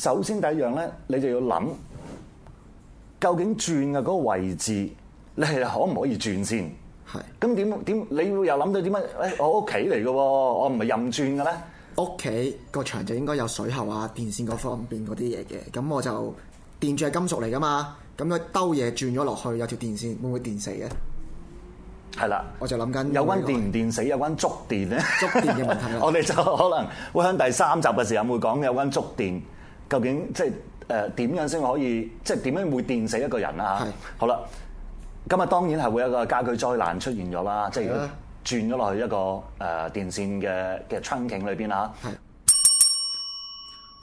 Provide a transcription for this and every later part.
首先第一樣咧，你就要諗，究竟轉嘅嗰個位置，你係可唔可以轉先？係是的。咁點點你會又諗到點解誒，我屋企嚟嘅，我唔係任轉嘅咧。屋企個牆就應該有水喉啊、電線嗰方面嗰啲嘢嘅。咁我就掂住係金屬嚟噶嘛，咁樣兜嘢轉咗落去，有條電線會唔會電死嘅？係啦的，我就諗緊有關電唔電死，有關觸電咧。觸電嘅問題，我哋就可能會喺第三集嘅時候會講有關觸電。究竟即係誒點樣先可以即係點樣會電死一個人啊？吓，好啦，今日當然係會有一個家居災難出現咗啦，是的 即係轉咗落去一個誒電線嘅嘅窗景裏邊啦。係，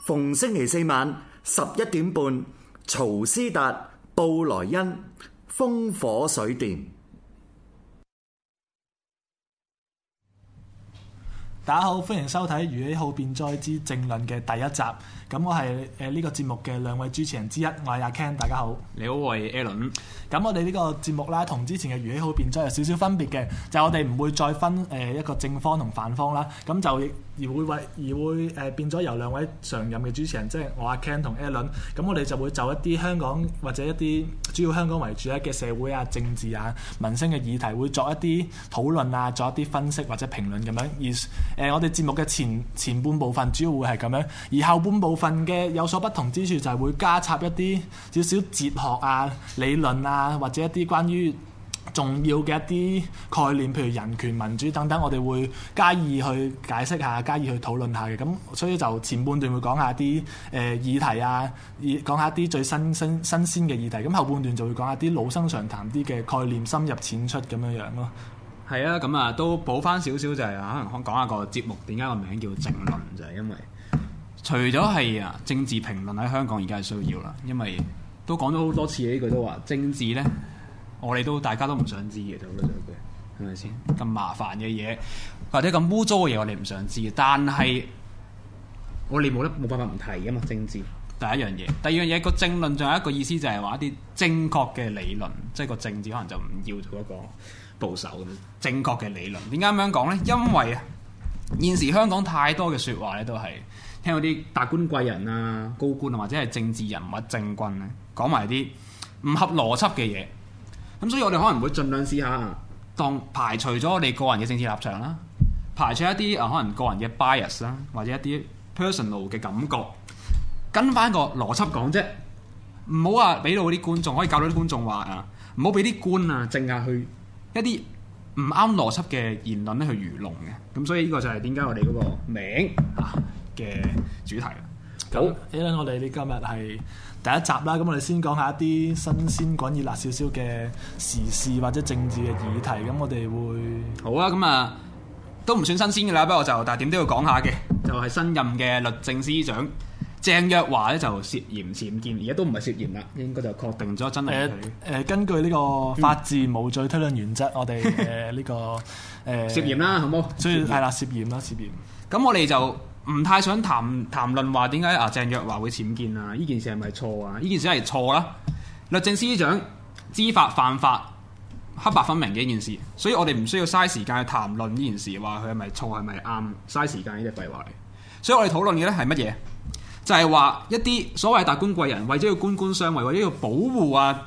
逢星期四晚十一點半，曹斯達、布萊恩，風火水電。大家好，歡迎收睇《予豈好辯哉之政論》嘅第一集。咁我係誒呢個節目嘅兩位主持人之一，我係阿 Ken，大家好。你好，我係 Alan。咁我哋呢個節目咧，同之前嘅《予豈好辯哉》有少少分別嘅，就係，我哋唔會再分誒一個正方同反方啦。咁就。而會為而會誒、呃、變咗由兩位常任嘅主持人，即係我阿 Ken 同 Alan，咁我哋就會就一啲香港或者一啲主要香港為主咧嘅社會啊、政治啊、民生嘅議題，會作一啲討論啊、作一啲分析或者評論咁樣。而誒、呃、我哋節目嘅前前半部分主要會係咁樣，而後半部分嘅有所不同之處就係會加插一啲少少哲學啊、理論啊，或者一啲關於重要嘅一啲概念，譬如人權、民主等等，我哋會加以去解釋下，加以去討論下嘅。咁所以就前半段會講一下講下啲誒、呃、議題啊，講下啲最新新新鮮嘅議題，咁後半段就會講下啲老生常談啲嘅概念，深入淺出咁樣樣咯。係啊，咁啊都補翻少少就係、是、可能講下個節目點解個名叫政論就係、是、因為除咗係啊政治評論喺香港而家係需要啦，因為都講咗好多次呢句都話政治咧。我哋都大家都唔想知嘅，就咁樣嘅，係咪先咁麻煩嘅嘢，或者咁污糟嘅嘢，我哋唔想知。但係我哋冇得冇辦法唔提㗎嘛，政治第一樣嘢。第二樣嘢個政論仲有一個意思，就係話一啲正確嘅理論，即係個政治可能就唔要做一個保守咁正確嘅理論。點解咁樣講呢？因為啊，現時香港太多嘅説話咧，都係聽到啲達官貴人啊、高官啊，或者係政治人物政棍咧講埋啲唔合邏輯嘅嘢。咁所以我哋可能會盡量試下，當排除咗你個人嘅政治立場啦，排除一啲啊可能個人嘅 bias 啦，或者一啲 personal 嘅感覺，跟翻個邏輯講啫。唔好話俾到啲觀眾，可以教到啲觀眾話啊，唔好俾啲官啊淨係去一啲唔啱邏輯嘅言論咧去愚弄嘅。咁所以呢個就係點解我哋嗰個名啊嘅主題。好，誒我哋呢今日係第一集啦，咁我哋先講下一啲新鮮、滾熱辣少少嘅時事或者政治嘅議題，咁我哋會好啊，咁啊都唔算新鮮嘅啦，不過就但係點都要講下嘅，就係、是、新任嘅律政司長鄭若驊咧就涉嫌僭建，而家都唔係涉嫌啦，應該就確定咗真係佢、呃呃。根據呢個法治無罪推論原則，嗯、 我哋誒呢個誒、呃、涉嫌啦，好冇？所以係啦，涉嫌啦，涉嫌。咁我哋就。唔太想談談論話點解啊鄭若驊會僭建啊？呢件事係咪錯啊？呢件事係錯啦！律政司長知法犯法，黑白分明嘅一件事，所以我哋唔需要嘥時間去談論呢件事，話佢係咪錯係咪啱？嘥時間呢啲廢話。所以我哋討論嘅咧係乜嘢？就係、是、話一啲所謂達官貴人為咗要官官相衛，或者要保護啊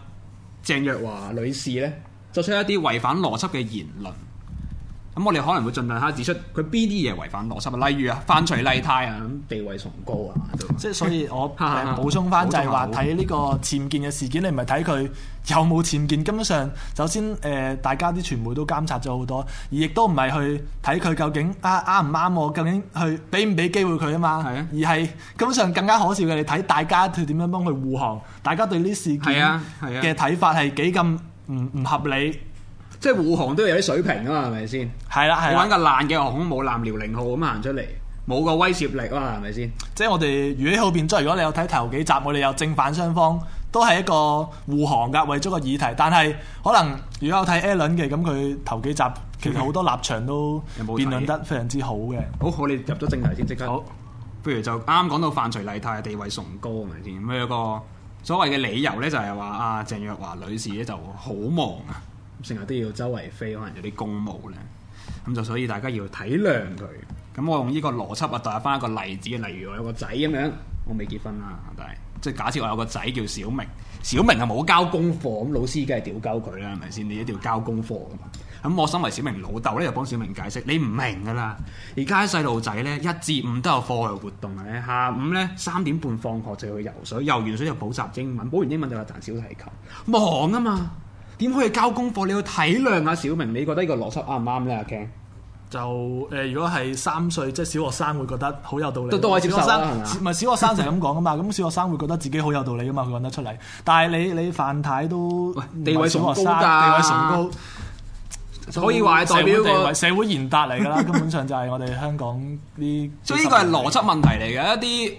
鄭若驊女士呢作出一啲違反邏輯嘅言論。咁我哋可能會盡量嚇指出佢邊啲嘢違反邏輯啊，例如啊，范徐麗泰啊，地位崇高啊，即係所以我補充翻，就係話睇呢個僭建嘅事件，嗯、你唔係睇佢有冇僭建，根本上首先誒、呃，大家啲傳媒都監察咗好多，而亦都唔係去睇佢究竟啊啱唔啱我，究竟去俾唔俾機會佢啊嘛，啊而係根本上更加可笑嘅，你睇大家佢點樣幫佢護航，大家對呢事件嘅睇法係幾咁唔唔合理。即係護航都要有啲水平啊嘛，係咪先？係啦，係。你揾個爛嘅航空，母艦遼寧號咁行出嚟，冇個威懾力啊，係咪先？即係我哋如果後邊，即係如果你有睇頭幾集，我哋有正反雙方，都係一個護航噶，為咗個議題。但係可能如果有睇 Allen 嘅咁，佢頭幾集其實好多立場都辯論得非常之好嘅。好，我哋入咗正題先，即刻。好。不如就啱啱講到范徐麗泰地位崇高啊，係咪先？佢有個所謂嘅理由咧，就係話阿鄭若驊女士咧就好忙啊。成日都要周圍飛，可能有啲公務咧，咁就所以大家要體諒佢。咁我用呢個邏輯啊，代入翻一個例子，例如我有個仔咁樣，我未結婚啦，但係即係假設我有個仔叫小明，小明啊冇交功課，咁老師梗係屌鳩佢啦，係咪先？你一定要交功課噶嘛。咁我身為小明老豆咧，又幫小明解釋：你唔明噶啦，而家啲細路仔咧一至五都有課外活動嘅，下午咧三點半放學就要去游水，游完水就補習英文，補完英文就去彈小提琴，忙啊嘛！點可以交功課？你要體諒下小明，你覺得個邏輯合合呢個邏輯啱唔啱咧？阿 Ken 就誒、呃，如果係三歲，即係小學生會覺得好有道理，都都係小學生，唔係吧小學生成係咁講噶嘛。咁 小學生會覺得自己好有道理噶嘛，佢講得出嚟。但係你你范太，太都地位崇高、啊、地位崇高，可以話係代表個社會社會賢達嚟噶啦。 根本上就係我哋香港啲，即係呢個係邏輯問題嚟嘅，一啲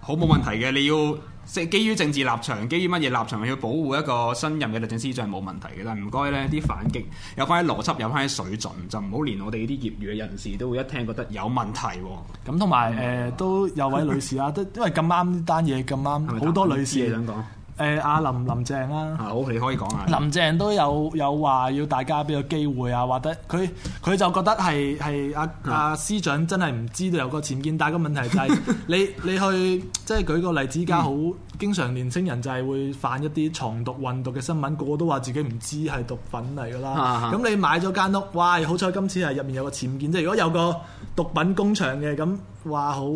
好冇問題嘅，嗯、你要。即基於政治立場，基於乜嘢立場，要保護一個新任嘅律政司長係冇問題嘅，但唔該咧，啲反擊有翻啲邏輯，有翻啲水準，就唔好連我哋呢啲業餘嘅人士都會一聽覺得有問題喎。咁同埋誒都有位女士啦，都 因為咁啱單嘢咁啱，好多，多女士 想講。誒阿林林鄭啦、啊，啊好，你可以講啊。林鄭都有有話要大家俾個機會啊，或者佢佢就覺得係係阿阿司長真係唔知道有個僭建，但係個問題就係你 你去即係、就是、舉個例子，而家好經常年輕人就係會犯一啲藏毒運毒嘅新聞，個個都話自己唔知係毒品嚟㗎啦。咁 你買咗間屋，哇！好彩今次係入面有個僭建，即係如果有個毒品工場嘅咁話好，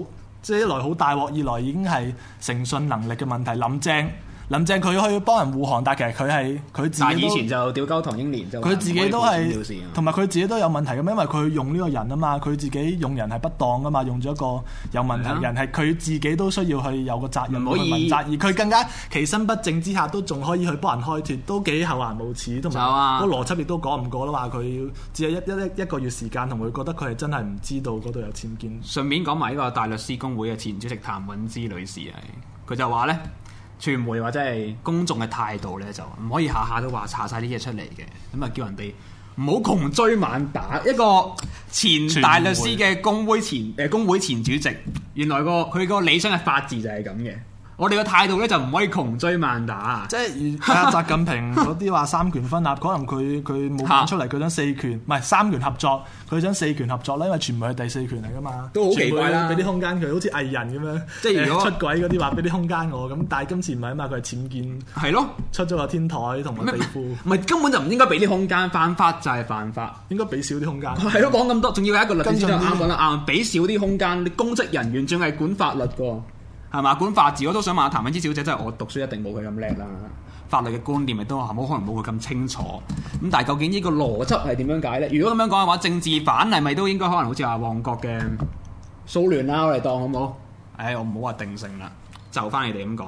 即、就、係、是、一來好大鑊，二來已經係誠信能力嘅問題。林鄭。林鄭佢去幫人護航，但其實佢係佢自己但以前就屌鳩唐英年，就佢自己都係，同埋佢自己都有問題嘅，因為佢用呢個人啊嘛，佢自己用人係不當啊嘛，用咗一個有問題人，係佢吧自己都需要去有個責任去問責，而佢更加其身不正之下，都仲可以去幫人開脫，都幾厚顏無恥，同埋個邏輯亦都講唔過啦嘛。佢只係一一一,一,一,一,一個月時間，同佢覺得佢係真係唔知道嗰度有僭建。順便講埋呢個大律師公會嘅前主席譚允芝女士係，佢就話咧。傳媒或者係公眾嘅態度咧，就唔可以下下都話查晒啲嘢出嚟嘅，咁啊叫人哋唔好窮追猛打。一個前大律師嘅公會前誒、呃、公會前主席，原來個佢個理想嘅法治就係咁嘅。我哋嘅態度咧就唔可以窮追猛打，即係睇下習近平嗰啲話三權分立，可能佢佢冇講出嚟，佢麼想四權，唔係三權合作，佢想四權合作咧，因為全部係第四權嚟噶嘛，都好奇怪啦，俾啲空間佢，好似藝人咁樣，即係如果出軌嗰啲話，俾啲空間我咁，但係今次唔係啊嘛，佢係僭建，係咯的，出咗個天台同埋地庫，唔係根本就唔應該俾啲空間，犯法就係犯法，應該俾少啲空間，係咯，講咁對多，仲要有一個律師都啱講啦，啊著，俾少啲空間，你公職人員仲係管法律個。係嘛？管法治我都想問下譚敏芝小姐，真係我讀書一定冇佢咁叻啦，法律嘅觀念咪都好，可能冇佢咁清楚。咁但係究竟呢個邏輯係點樣解咧？如果咁樣講嘅話，政治犯係咪都應該可能好似話旺角嘅騷亂啦，我哋當好唔好？誒、哎，我唔好話定性啦，就翻你哋咁講。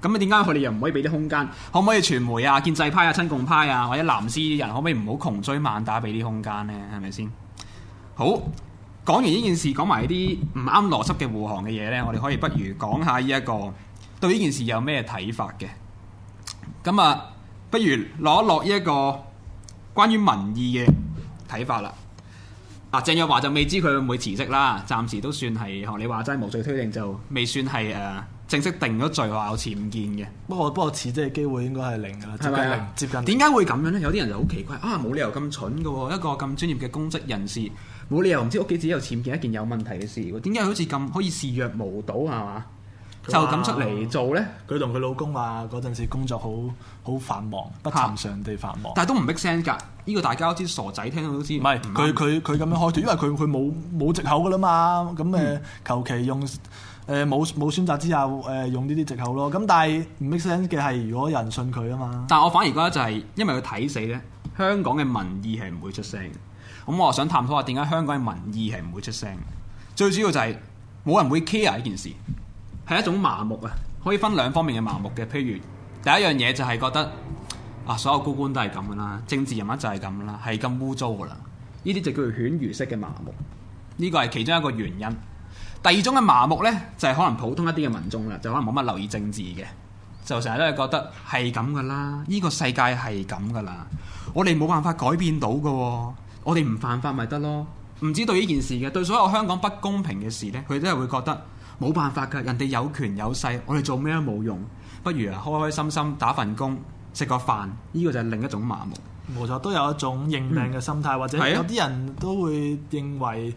咁啊，點解佢哋又唔可以俾啲空間？可唔可以傳媒啊、建制派啊、親共派啊或者藍絲啲人，可唔可以唔好窮追猛打俾啲空間咧？係咪先？好。講完呢件事，講埋呢啲唔啱邏輯嘅護航嘅嘢呢，我哋可以不如講下呢一個對呢件事有咩睇法嘅。咁啊，不如攞落呢一,一個關於民意嘅睇法啦。嗱、啊，鄭若驊就未知佢會唔會辭職啦，暫時都算係學你話齋，無罪推定就未算係誒、啊、正式定咗罪話有僭建嘅。不過不過，辭職嘅機會應該係零噶啦，吧接近接近。點解會咁樣呢？有啲人就好奇怪啊，冇理由咁蠢噶，一個咁專業嘅公職人士。冇理由唔知屋企自己有潛見一件有問題嘅事，點解好似咁可以視若無睹係嘛？說就咁出嚟做咧？佢同佢老公話嗰陣時工作好好繁忙，不尋常地繁忙。啊、但係都唔 make sense 㗎。呢、這個大家都知，傻仔聽到都知。唔係佢佢佢咁樣開脫，因為佢佢冇冇藉口㗎啦嘛。咁誒求其用誒冇冇選擇之後誒用呢啲藉口咯。咁但係唔 make sense 嘅係如果有人信佢啊嘛。但係我反而覺得就係因為佢睇死咧，香港嘅民意係唔會出聲。咁、嗯、我想探討下，點解香港嘅民意係唔會出聲？最主要就係、是、冇人會 care 呢件事，係一種麻木啊！可以分兩方面嘅麻木嘅，譬如第一樣嘢就係覺得啊，所有高官都係咁噶啦，政治人物就係咁啦，係咁污糟噶啦。呢啲就叫做犬儒式嘅麻木，呢個係其中一個原因。第二種嘅麻木呢，就係、是、可能普通一啲嘅民眾啦，就可能冇乜留意政治嘅，就成日都係覺得係咁噶啦，呢、這個世界係咁噶啦，我哋冇辦法改變到噶。我哋唔犯法咪得咯，唔止對呢件事嘅，對所有香港不公平嘅事呢，佢都係會覺得冇辦法㗎，人哋有權有勢，我哋做咩都冇用，不如啊開開心心打份工，食個飯，呢個就係另一種麻木。冇錯，都有一種認命嘅心態，嗯、或者有啲人都會認為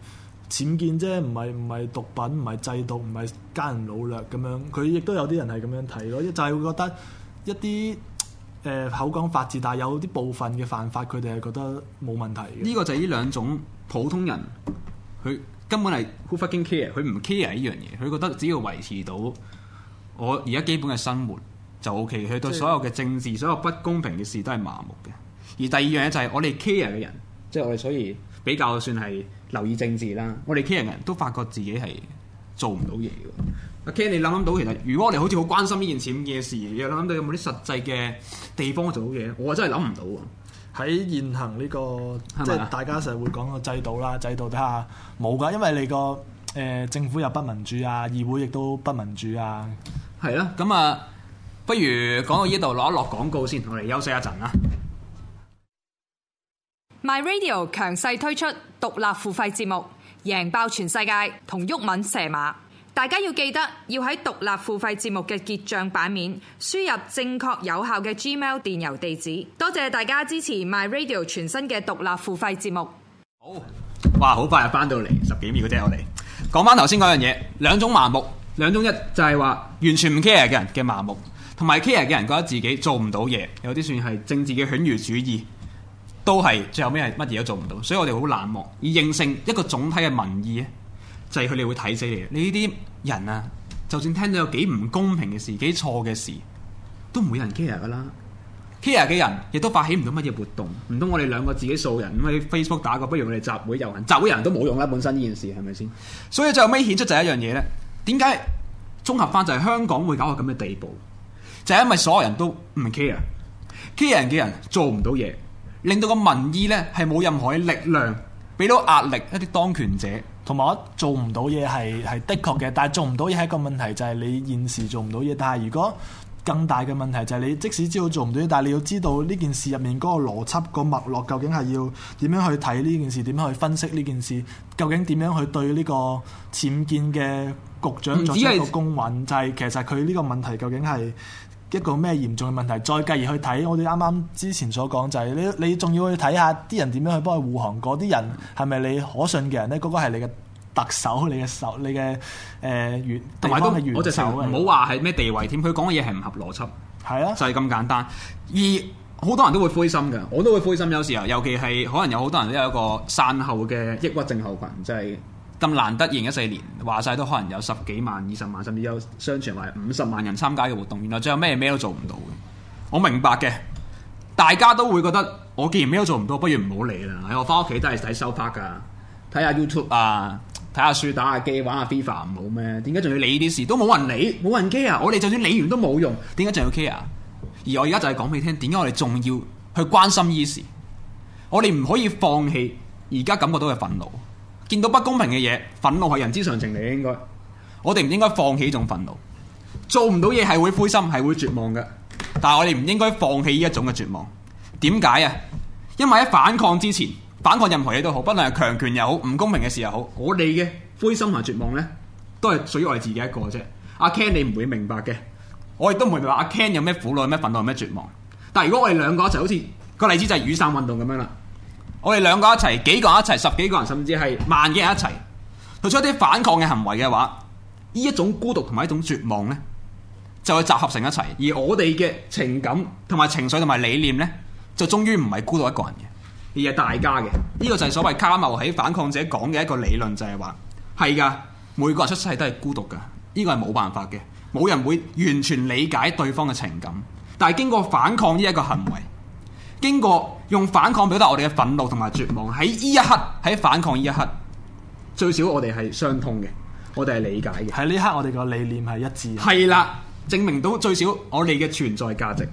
僭建啫，唔係唔係毒品，唔係製毒，唔係姦淫擄掠咁樣，佢亦都有啲人係咁樣睇咯，一就係會覺得一啲。誒、呃、口講法治，但係有啲部分嘅犯法，佢哋係覺得冇問題。呢個就係呢兩種普通人，佢根本係 who fucking care，佢唔 care 呢樣嘢。佢覺得只要維持到我而家基本嘅生活就 OK。佢對所有嘅政治，就係、所有不公平嘅事都係麻木嘅。而第二樣嘢就係我哋 care 嘅人，即係我哋所以比較算係留意政治啦。嗯、我哋 care 嘅人都發覺自己係。做唔到嘢嘅，阿 Ken，你諗諗到其實，如果我哋好似好關心呢件錢嘅事，有諗的到有冇啲實際嘅地方做到嘢？我真係諗唔到喎。喺現行呢、這個吧即係大家成日會講嘅制度啦，制度底下冇㗎，因為你個誒、呃、政府又不民主啊，議會亦都不民主啊。係啦的，咁啊，不如講到呢度攞一落廣告先，我哋休息一陣啦。My Radio 強勢推出獨立付費節目。贏爆全世界同郁文蛇馬，大家要記得要喺獨立付費節目嘅結賬版面輸入正確有效嘅 Gmail 電郵地址。多謝大家支持 My Radio 全新嘅獨立付費節目。好，哇，好快又翻到嚟，十幾秒嗰啫我哋講翻頭先嗰樣嘢，兩種麻木，兩種一就係話完全唔 care 嘅人嘅麻木，同埋 care 嘅人覺得自己做唔到嘢，有啲算係政治嘅犬儒主義。都係最後尾係乜嘢都做唔到，所以我哋好冷漠，而形成一個總體嘅民意咧，就係佢哋會睇死你。你呢啲人啊，就算聽到有幾唔公平嘅事、幾錯嘅事，都唔會有人 care 噶啦。care 嘅人亦都發起唔到乜嘢活動，唔通我哋兩個自己數人咁喺 Facebook 打個，不如我哋集會遊行，集會人都冇用啦。本身呢件事係咪先？是是所以最後尾顯出就係一樣嘢咧，點解綜合翻就係香港會搞到咁嘅地步，就係、是、因為所有人都唔 care，care 嘅人，人做唔到嘢。令到個民意呢係冇任何嘅力量，俾到壓力一啲當權者，同埋我做唔到嘢係係的確嘅。但係做唔到嘢係一個問題，就係、是、你現時做唔到嘢。但係如果更大嘅問題就係、是、你即使知道做唔到嘢，但係你要知道呢件事入面嗰個邏輯、個脈絡究竟係要點樣去睇呢件事、點樣去分析呢件事，究竟點樣去對呢個僭建嘅局長作出一個公允，就係其實佢呢個問題究竟係，一個咩嚴重嘅問題？再繼而去睇，我哋啱啱之前所講就係你，你仲要去睇下啲人點樣去幫佢護航？嗰啲人係咪你可信嘅人呢？嗰個係你嘅特首，你嘅手，你嘅誒員，同埋都我直情唔好話係咩地位添。佢講嘅嘢係唔合邏輯，係啊，就係咁簡單。而好多人都會灰心㗎，我都會灰心。有時候，尤其係可能有好多人都有一個散後嘅抑鬱症候群，就係。咁難得贏一四年，話晒都可能有十幾萬、二十萬，甚至有相傳話五十萬人參加嘅活動。原來最後咩咩都做唔到。我明白嘅，大家都會覺得，我既然咩都做唔到，不如唔好理啦。我翻屋企都係睇 show 拍噶，睇下 YouTube 啊，睇下書，打下機，玩下 FIFA，唔好咩？點解仲要理呢啲事？都冇人理，冇人 care 啊！我哋就算理完都冇用，點解仲要 care？而我而家就係講俾你聽，點解我哋仲要去關心呢事？我哋唔可以放棄而家感覺到嘅憤怒。見到不公平嘅嘢，憤怒係人之常情嚟嘅，應該。我哋唔應該放棄呢種憤怒。做唔到嘢係會灰心，係會絕望嘅。但係我哋唔應該放棄呢一種嘅絕望。點解啊？因為喺反抗之前，反抗任何嘢都好，不論係強權又好，唔公平嘅事又好，我哋嘅灰心同絕望呢，都係屬於我哋自己一個啫。阿 Ken 你唔會明白嘅，我亦都唔會明白阿 Ken 有咩苦惱、咩憤怒、有咩絕望。但係如果我哋兩個就好似個例子就係雨傘運動咁樣啦。我哋兩個一齊，幾個人一齊，十幾個人，甚至係萬幾人一齊，做出一啲反抗嘅行為嘅話，呢一種孤獨同埋一種絕望呢，就會集合成一齊。而我哋嘅情感同埋情緒同埋理念呢，就終於唔係孤獨一個人嘅，而係大家嘅。呢個就係所謂卡繆喺反抗者講嘅一個理論，就係話係㗎，每個人出世都係孤獨㗎，呢個係冇辦法嘅，冇人會完全理解對方嘅情感。但係經過反抗呢一個行為，經過。用反抗表達我哋嘅憤怒同埋絕望，喺呢一刻，喺反抗呢一刻，最少我哋係相通嘅，我哋係理解嘅。喺呢一刻，我哋個理念係一致。係啦，證明到最少我哋嘅存在價值。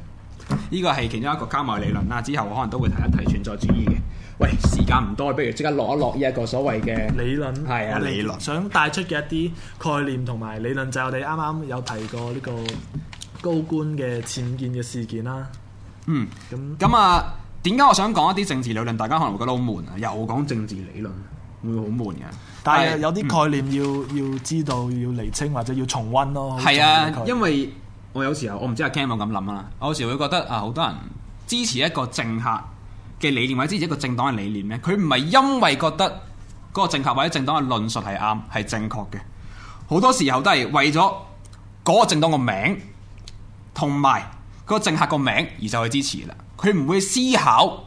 呢個係其中一個卡繆理論啦。之後我可能都會提一提存在主義嘅。喂，時間唔多，不如即刻落一落呢一個所謂嘅理論。係啊，理論。想帶出嘅一啲概念同埋理論，就係我哋啱啱有提過呢個高官嘅僭建嘅事件啦。嗯。咁咁那啊！點解我想講一啲政治理論？大家可能會覺得好悶啊！又講政治理論，會好悶嘅。但係有啲概念要要知道，要釐清或者要重溫咯。係啊，因為我有時候我唔知阿 Ken 有冇咁諗啊。我有時會覺得啊，呃、好多人支持一個政客嘅理念，或者支持一個政黨嘅理念咧，佢唔係因為覺得嗰個政客或者政黨嘅論述係啱，係正確嘅。好多時候都係為咗嗰個政黨個名，同埋嗰個政客個名而就去支持啦。佢唔會思考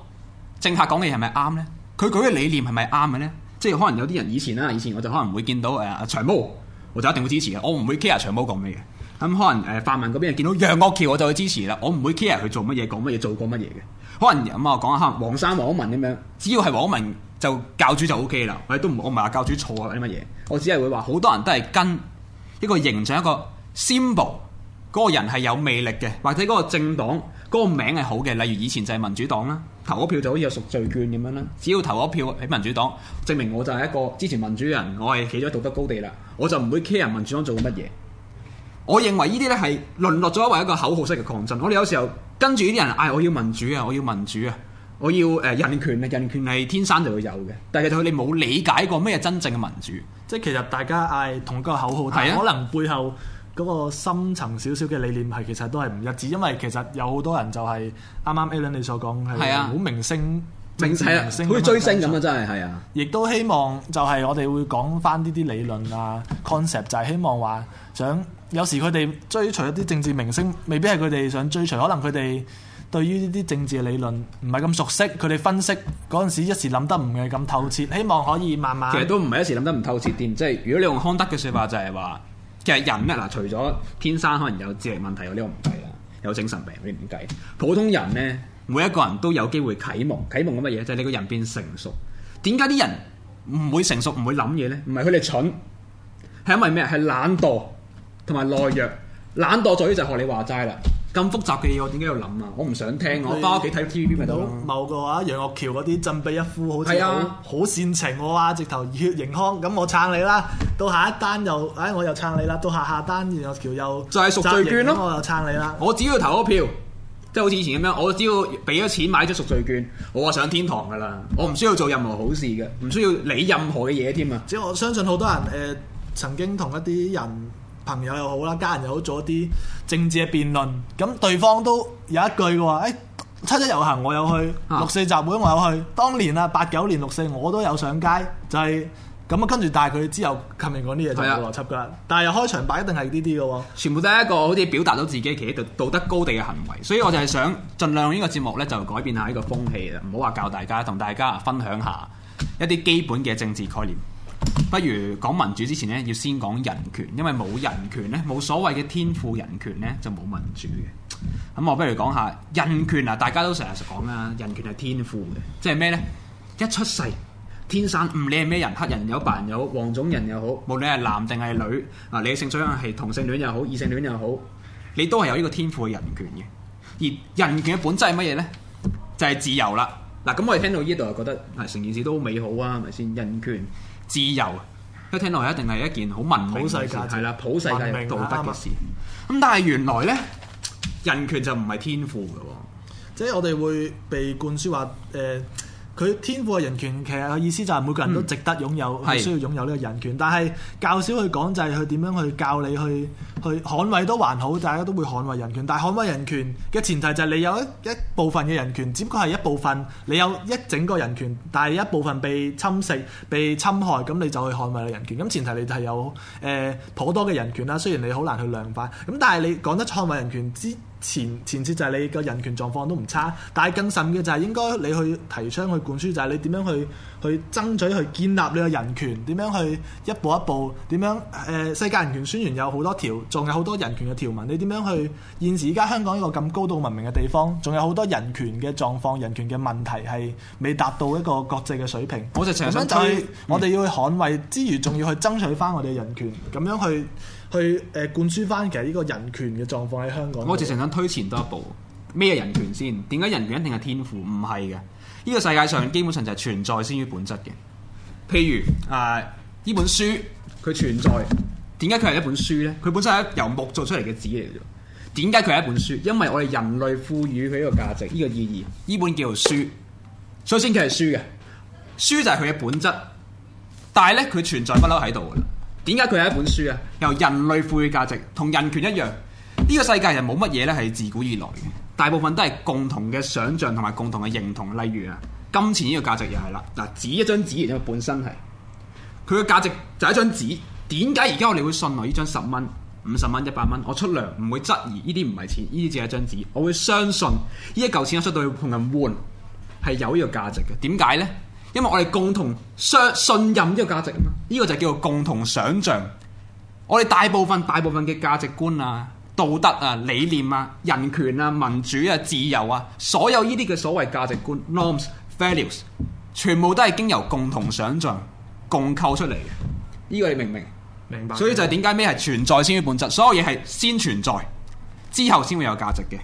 政客講嘅嘢係咪啱咧？佢舉嘅理念係咪啱嘅咧？即係可能有啲人以前啦，以前我就可能會見到誒阿、呃、長毛，我就一定會支持嘅。我唔會 care 長毛講咩嘢。咁、嗯、可能誒泛民嗰邊見到楊岳橋，我就會支持啦。我唔會 care 佢做乜嘢講乜嘢做過乜嘢嘅。可能咁啊講下可能黃生黃毓民咁樣，只要係黃毓民就教主就 OK 啦。我哋都唔我唔係話教主錯啊啲乜嘢，我只係會話好多人都係跟一個形象一個 symbol 嗰個人係有魅力嘅，或者嗰個政黨。嗰個名係好嘅，例如以前就係民主黨啦，投嗰票就好似有贖罪券咁樣啦。只要投嗰票喺民主黨，證明我就係一個支持民主嘅人，我係企咗道德高地啦，我就唔會 care 民主黨做乜嘢。我認為呢啲呢係淪落咗為一個口號式嘅抗爭。我哋有時候跟住呢啲人嗌、哎，我要民主啊，我要民主啊，我要誒人權啊，人權係天生就會有嘅，但係佢哋冇理解過咩真正嘅民主。即係其實大家嗌同個口號，但可能背後。嗰個深層少少嘅理念係其實都係唔一致，因為其實有好多人就係啱啱 Allen 你所講係好明星、啊、政治明星好似、啊、追星咁啊，真係係啊！亦都希望就係我哋會講翻呢啲理論啊 concept，就係、是、希望話想有時佢哋追隨一啲政治明星，未必係佢哋想追隨，可能佢哋對於呢啲政治理論唔係咁熟悉，佢哋分析嗰陣時一時諗得唔係咁透徹，希望可以慢慢其實都唔係一時諗得唔透徹啲，即係如果你用康德嘅説法就係、是、話。嗯。人咧，嗱，除咗天生可能有智力問題，有呢個唔計啦，有精神病，你唔計。普通人咧，每一個人都有機會啟蒙，啟蒙咁嘅嘢就係你個人變成熟。點解啲人唔會成熟，唔會諗嘢咧？唔係佢哋蠢，係因為咩？係懶惰同埋懦弱。懶惰在於就學你話齋啦。咁複雜嘅嘢我點解要諗啊？我唔想聽、啊，我翻屋企睇 TVB 咪得咯。冇個話、啊、楊岳橋嗰啲振臂一呼，好似好煽情我、啊、話，直頭熱血盈眶咁我撐你啦。到下一單又，哎我又撐你啦。到下下單楊岳橋又就係贖罪券咯，啊、我又撐你啦。我只要投一票，即係好似以前咁樣，我只要俾咗錢買咗贖罪券，我上天堂㗎啦。我唔需要做任何好事嘅，唔需要理任何嘅嘢添啊。即係、嗯、我相信好多人誒、呃、曾經同一啲人。朋友又好啦，家人又好，做啲政治嘅辯論，咁對方都有一句嘅話，誒七一遊行我有去，六四集會我有去。當年啊，八九年六四我都有上街，就係咁啊。跟住，但係佢之後琴日講啲嘢就冇邏輯噶啦。的但係開場白一定係呢啲嘅喎，全部都係一個好似表達到自己企喺度道德高地嘅行為。所以我就係想盡量呢個節目呢，就改變下呢個風氣啦。唔好話教大家，同大家分享一下一啲基本嘅政治概念。不如講民主之前咧，要先講人權，因為冇人權咧，冇所謂嘅天賦人權咧，就冇民主嘅。咁我不如講下人權啊！大家都成日講啦，人權係天賦嘅，即係咩呢？一出世，天生唔理係咩人，黑人有，白人有，黃種人又好，無論係男定係女，嗱你嘅性取向係同性戀又好，異性戀又好，你都係有呢個天賦嘅人權嘅。而人權嘅本質係乜嘢呢？就係自由啦。嗱，咁、啊、我哋聽到呢度就覺得，嗱，成件事都美好啊，係咪先？人權自由，一聽落係一定係一件好文明世事，係啦，普世界道德嘅事。咁、啊、但係原來咧，人權就唔係天賦嘅、啊，即係我哋會被灌輸話，誒、呃。佢天賦嘅人權，其實佢意思就係每個人都值得擁有，嗯、佢需要擁有呢個人權。是但係較少去講就係佢點樣去教你去去捍衞都還好，大家都會捍衞人權。但係捍衞人權嘅前提就係你有一一部分嘅人權，只不過係一部分。你有一整個人權，但係一部分被侵蝕、被侵害，咁你就去捍衞人權。咁前提你就係有誒、呃、頗多嘅人權啦，雖然你好難去量化。咁但係你講得捍衞人權之。前前次就係你個人權狀況都唔差，但係更甚嘅就係應該你去提倡去灌輸，就係、是、你點樣去去爭取去建立你嘅人權，點樣去一步一步，點樣誒、呃、世界人權宣言有好多條，仲有好多人權嘅條文，你點樣去現時而家香港一個咁高度文明嘅地方，仲有好多人權嘅狀況、人權嘅問題係未達到一個國際嘅水平。我就成日想就係我哋要去捍衞之餘，仲、嗯、要去爭取返我哋嘅人權，咁樣去。去誒灌輸翻其實呢個人權嘅狀況喺香港，我直情想，想推前多一步。咩人權先？點解人權一定係天賦？唔係嘅，呢個世界上基本上就係存在先於本質嘅。譬如啊，呢本書佢存在，點解佢係一本書呢？佢本身係由木做出嚟嘅紙嚟嘅，點解佢係一本書？因為我哋人類賦予佢一個價值，呢個意義，呢本叫做書。所以先佢係書嘅，書就係佢嘅本質。但係呢，佢存在不嬲喺度。點解佢係一本書啊？由人類賦予價值，同人權一樣，呢個世界係冇乜嘢咧，係自古以來嘅，大部分都係共同嘅想像同埋共同嘅認同。例如啊，金錢呢個價值又係啦，嗱，紙一張紙嘅本身係佢嘅價值就係一張紙。點解而家我哋會信我呢張十蚊、五十蚊、一百蚊？我出糧唔會質疑呢啲唔係錢，呢啲只係一張紙。我會相信呢一嚿錢我出到去同人換係有呢個價值嘅。點解呢？因為我哋共同相信任呢個價值啊嘛，呢個就叫做共同想象。我哋大部分大部分嘅價值觀啊、道德啊、理念啊、人權啊、民主啊、自由啊，所有呢啲嘅所謂價值觀 norms values，全部都係經由共同想象共構出嚟嘅。呢個你明唔明？明白。所以就係點解咩係存在先於本質？所有嘢係先存在之後先會有價值嘅。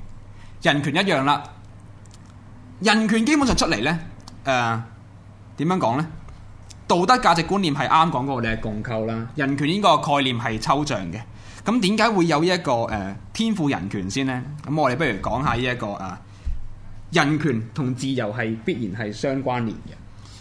人權一樣啦，人權基本上出嚟呢。誒、呃。點樣講呢？道德價值觀念係啱講過我哋係共構啦。人權呢個概念，係抽象嘅，咁點解會有呢一個誒、呃、天賦人權先呢？咁我哋不如講下呢一個啊、嗯、人權同自由係必然係相關聯嘅。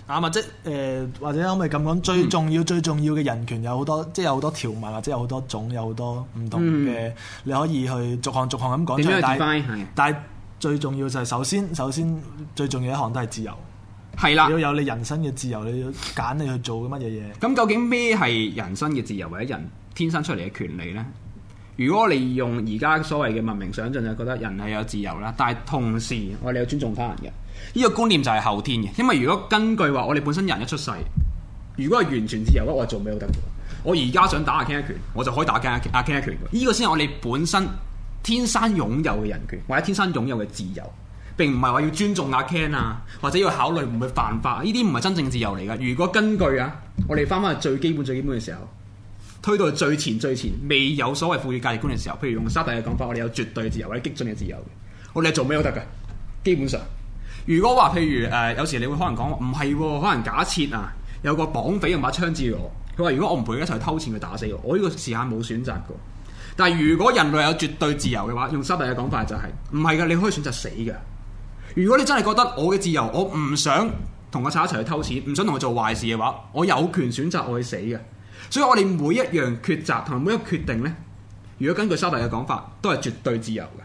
啊、呃，或者誒，或者啱咪咁講，最重要最重要嘅人權有好多，即係有好多條文，或者有好多種，有好多唔同嘅，嗯、你可以去逐項逐項咁講。但係、嗯、但係最重要就係首先首先，首先最重要一項都係自由。係啦，要有你人生嘅自由，你要揀你去做嘅乜嘢嘢。咁究竟咩係人生嘅自由或者人天生出嚟嘅權利呢？如果我哋用而家所謂嘅文明想象，就覺得人係有自由啦。但係同時我哋要尊重他人嘅呢、這個觀念就係後天嘅。因為如果根據話我哋本身人一出世，如果係完全自由嘅話，我做咩都得。我而家想打下 Ken 一拳，我就可以打阿 Ken 一拳。呢、啊這個先係我哋本身天生擁有嘅人權或者天生擁有嘅自由。並唔係話要尊重阿 Ken 啊，或者要考慮唔會犯法，呢啲唔係真正自由嚟嘅。如果根據啊，我哋翻翻去最基本、最基本嘅時候，推到最前、最前未有所謂富裕價值觀嘅時候，譬如用沙特嘅講法，我哋有絕對自由或者激進嘅自由，我哋做咩都得嘅。基本上，如果話譬如誒、呃，有時你會可能講唔係，可能假設啊，有個綁匪用把槍指住我，佢話如果我唔陪佢一齊去偷錢，佢打死我，我呢個時間冇選擇嘅。但係如果人類有絕對自由嘅話，用沙特嘅講法就係唔係嘅，你可以選擇死嘅。如果你真係覺得我嘅自由，我唔想同個賊一齊去偷錢，唔想同佢做壞事嘅話，我有權選擇我去死嘅。所以我哋每一樣抉擇同每一個決定呢，如果根據沙特嘅講法，都係絕對自由嘅。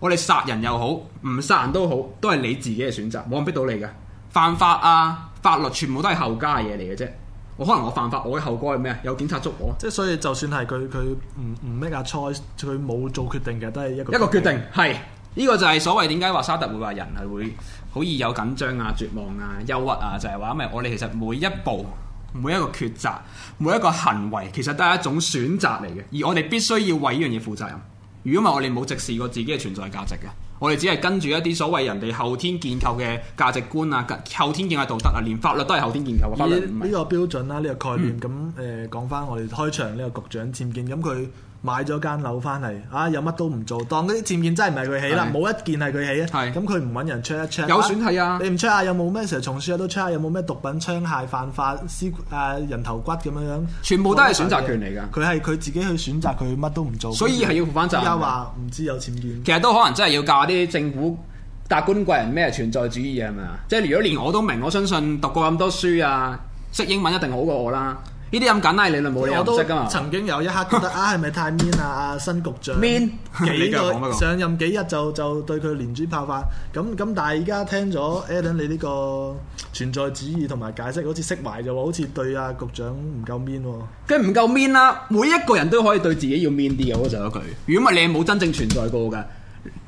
我哋殺人又好，唔殺人都好，都係你自己嘅選擇，冇人逼到你嘅。犯法啊，法律全部都係後加嘅嘢嚟嘅啫。我可能我犯法，我嘅後果係咩啊？有警察捉我，即係所以就算係佢佢唔唔 make a choice，佢冇做決定嘅都係一個一個決定係。呢個就係所謂點解話沙特會話人係會好易有緊張啊、絕望啊、憂鬱啊，就係話咁啊！我哋其實每一步、每一個抉擇、每一個行為，其實都係一種選擇嚟嘅，而我哋必須要為呢樣嘢負責任。如果唔係，我哋冇直視過自己嘅存在價值嘅，我哋只係跟住一啲所謂人哋後天建構嘅價值觀啊、後天建構道德啊，連法律都係後天建構嘅。呢個標準啦、啊，呢、呢個概念咁誒，講翻、嗯、我哋開場呢個局長占健，咁佢。買咗間樓翻嚟，嚇又乜都唔做，當嗰啲僭建真係唔係佢起啦，冇是一件係佢起啊，咁佢唔揾人 check 一 check，有損係啊，你唔 check 啊，有冇咩成日書入都 check 啊，有冇咩毒品槍械犯法屍誒、啊、人頭骨咁樣樣，全部都係選擇權嚟㗎，佢係佢自己去選擇，佢乜都唔做，所以係要負翻責。而家話唔知有僭建，其實都可能真係要教啲政府達官貴人咩存在主義係咪啊？即係、就是、如果連我都明，我相信讀過咁多書啊，識英文一定好過我啦。呢啲咁簡單理論冇理由都曾經有一刻覺得 啊，係咪太 mean 啊？阿新局長 mean 幾個 上任幾日，就就對佢連珠炮發，咁咁但係而家聽咗 Allen 你呢個存在主義同埋解釋，好似釋懷，就話好似對啊局長唔夠 mean，梗唔夠 mean 啦！每一個人都可以對自己要 mean 啲，有我就有佢。如果唔係你冇真正存在過㗎，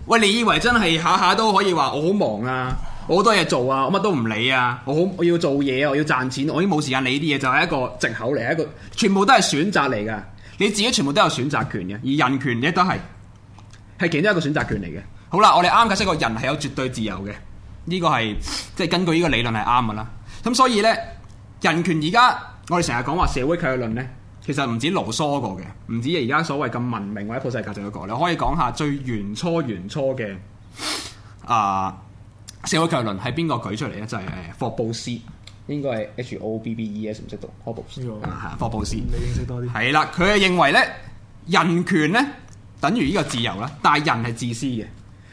喂，你以為真係下下都可以話我好忙啊？好多嘢做啊！我乜都唔理啊！我好我要做嘢、啊，我要賺錢，我已經冇時間理呢啲嘢。就係、是、一個借口嚟，一個全部都係選擇嚟噶。你自己全部都有選擇權嘅，而人權咧都係係其中一個選擇權嚟嘅。好啦，我哋啱解釋個人係有絕對自由嘅，呢、這個係即係根據呢個理論係啱噶啦。咁所以呢，人權而家我哋成日講話社會契約論咧，其實唔止盧梭過嘅，唔止而家所謂咁文明或者普世價值嗰個你可以講下最原初原初嘅啊。呃社會強論係邊個舉出嚟咧？就係霍布斯，應該係 H O B B E S 唔識讀，霍布斯啊，霍布斯，你認識多啲係啦。佢係認為咧，人權咧等於呢個自由啦，但係人係自私嘅，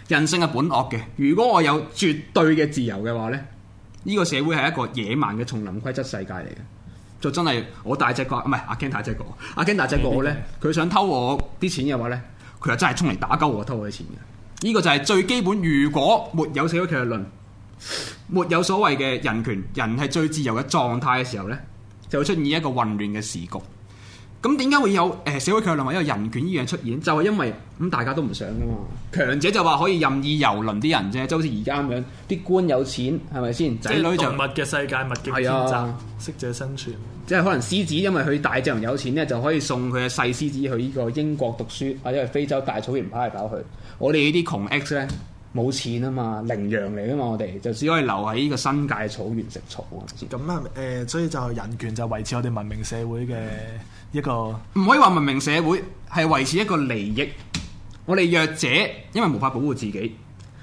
人性係本惡嘅。如果我有絕對嘅自由嘅話咧，呢個社會係一個野蠻嘅叢林規則世界嚟嘅，就真係我大隻個唔係阿 Ken 大隻個，阿 Ken 大隻個咧，佢想偷我啲錢嘅話咧，佢又真係衝嚟打鳩我，偷我啲錢嘅。呢個就係最基本。如果沒有社會強弱論，沒有所謂嘅人權，人係最自由嘅狀態嘅時候呢，就會出現一個混亂嘅時局。咁點解會有誒社會強弱論？或者人權呢樣出現，就係、是、因為咁、嗯、大家都唔想噶嘛。強者就話可以任意蹂躪啲人啫，就好似而家咁樣，啲官有錢係咪先？仔女就動物嘅世界，物競天擇，適、哎、呦者生存。即係可能獅子因為佢大隻又有錢咧，就可以送佢嘅細獅子去呢個英國讀書，或者去非洲大草原跑嚟跑去。我哋呢啲窮 X 呢，冇錢啊嘛，羚羊嚟噶嘛，我哋就只可以留喺呢個新界草原食草。咁啊，誒、呃，所以就人權就維持我哋文明社會嘅一個，唔可以話文明社會係維持一個利益。我哋弱者因為無法保護自己，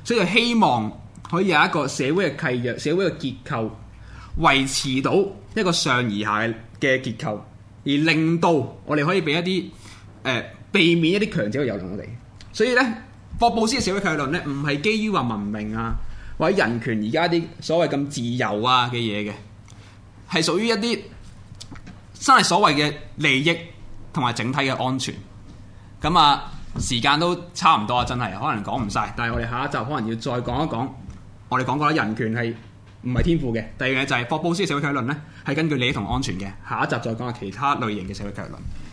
所以希望可以有一個社會嘅契約，社會嘅結構維持到一個上而下嘅嘅結構，而令到我哋可以俾一啲誒、呃、避免一啲強者去蹂躪我哋。所以呢。霍布斯嘅社會契約論唔係基於話文明啊，或者人權而家啲所謂咁自由啊嘅嘢嘅，係屬於一啲真係所謂嘅利益同埋整體嘅安全。咁啊，時間都差唔多啊，真係可能講唔晒，但係我哋下一集可能要再講一講我哋講過人權係唔係天賦嘅。第二樣嘢就係、是、霍布斯嘅社會契約論咧，係根據利益同安全嘅。下一集再講其他類型嘅社會契約論。